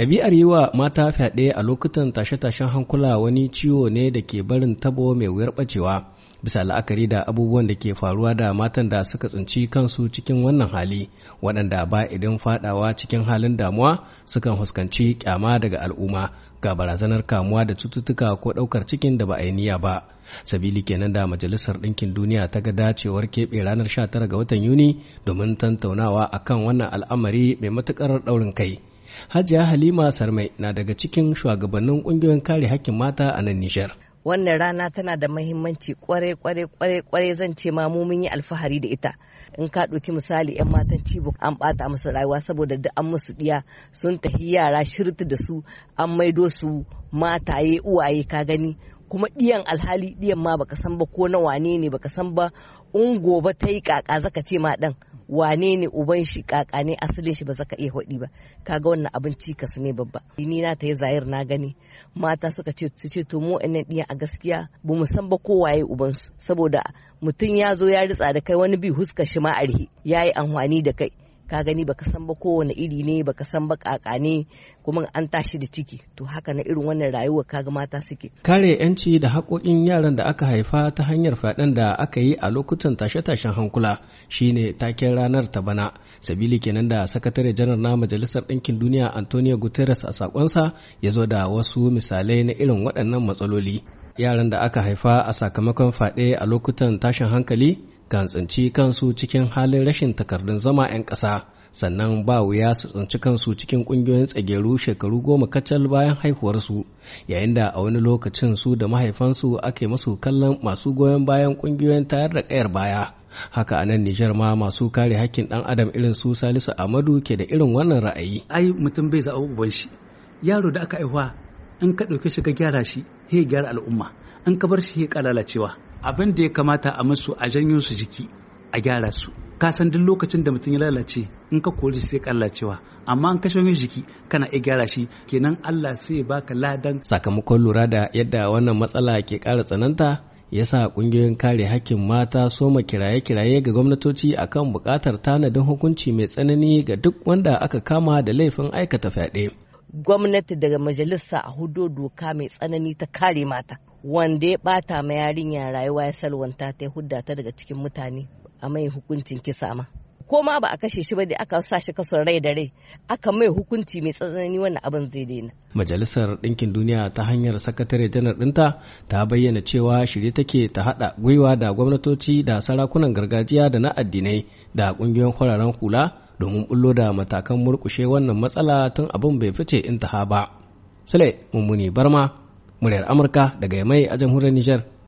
ɗabi'ar yi wa mata fyaɗe a lokutan tashe-tashen hankula wani ciwo ne da ke barin tabo mai wuyar ɓacewa bisa la'akari da abubuwan da ke faruwa da matan da suka tsinci kansu cikin wannan hali waɗanda ba idan faɗawa cikin halin damuwa sukan fuskanci kyama daga al'umma ga barazanar kamuwa da cututtuka ko ɗaukar cikin da ba a yi niyya ba sabili kenan da majalisar ɗinkin duniya ta ga dacewar keɓe ranar 19 ga watan yuni domin tantaunawa akan wannan al'amari mai matuƙar ɗaurin kai Hajiya Halima Sarmai na daga cikin shugabannin ƙungiyoyin kare hakkin mata a nan Nijar. Wannan rana tana da mahimmanci kwarai kwarai kwarai kwarai zan ce ma mu yi alfahari da ita. In ka ɗauki misali 'yan matan Chibok an ɓata musu rayuwa saboda da an musu ɗiya sun tafi yara shirtu da su an maido su mataye uwaye ka gani kuma ɗiyan alhali ɗiyan ma baka san ba ko na wane ne baka san ba in gobe ta yi kaka zaka ce ma ɗan wane ne uban shi kaka ne asalin shi ba za ka iya hudi ba kaga wannan abin cikas ne babba ni na ta yi zahir na gani mata suka ce su ce to mu ɗan ɗiya a gaskiya ba mu san ba kowaye uban su saboda mutum ya zo ya ritsa da kai wani bi huska shi ma arhi ya yi amfani da kai ka gani baka san ba kowane iri ne baka san ba kaka ne kuma an tashi da ciki to haka na irin wannan rayuwar kaga mata suke kare yanci da haƙoƙin yaran da aka haifa ta hanyar fyaɗen da aka yi a lokutan tashe-tashen hankula shine taken ranar ta bana sabili kenan da sakatare janar na majalisar ɗinkin duniya antonio guterres a sakonsa ya zo da wasu misalai na irin waɗannan matsaloli yaran da aka haifa a sakamakon faɗe a lokutan tashin hankali kan tsinci kansu cikin halin rashin takardun zama 'yan ƙasa sannan ba wuya su tsinci kansu cikin ƙungiyoyin tsageru shekaru goma kacal bayan haihuwarsu yayin da a wani lokacin su da mahaifansu ake masu kallon masu goyon bayan ƙungiyoyin tayar da ƙayar baya haka a nan Nijar ma masu kare hakkin ɗan adam irin su Salisu Amadu ke da irin wannan ra'ayi. Ai mutum bai zaɓa uban shi. Yaro da aka aihuwa in ka ɗauke shi ka gyara shi, he gyara al'umma. In ka bar shi he lalacewa. abin da ya kamata a masu a janyo su jiki a gyara su kasan duk lokacin da mutum ya lalace in ka kori sai kallacewa amma in ka shanye jiki kana iya gyara shi kenan Allah sai baka ladan sakamakon lura da yadda wannan matsala ke ƙara tsananta yasa kungiyoyin kare hakkin mata soma kiraye-kiraye ga gwamnatoci akan buƙatar tanadin hukunci mai tsanani ga duk wanda aka kama da laifin aikata fyaɗe. gwamnati daga majalisa a hudo doka mai tsanani ta kare mata wanda ya bata ma yarinya rayuwa ya salwanta ta hudda ta daga cikin mutane a mai hukuncin kisa ma ko ma ba a kashe shi ba da aka sa shi kaso rai da rai aka mai hukunci mai tsanani wannan abin zai daina majalisar ɗinkin duniya ta hanyar sakatare janar ɗinta ta bayyana cewa shirye take ta haɗa gwiwa da gwamnatoci da sarakunan gargajiya da na addinai da ƙungiyoyin kwararan hula domin bullo da matakan murkushe wannan matsala tun abin bai fice in intaha ba. Sule Mummuni Barma, muryar Amurka daga Yamai a jamhuriyar Nijar.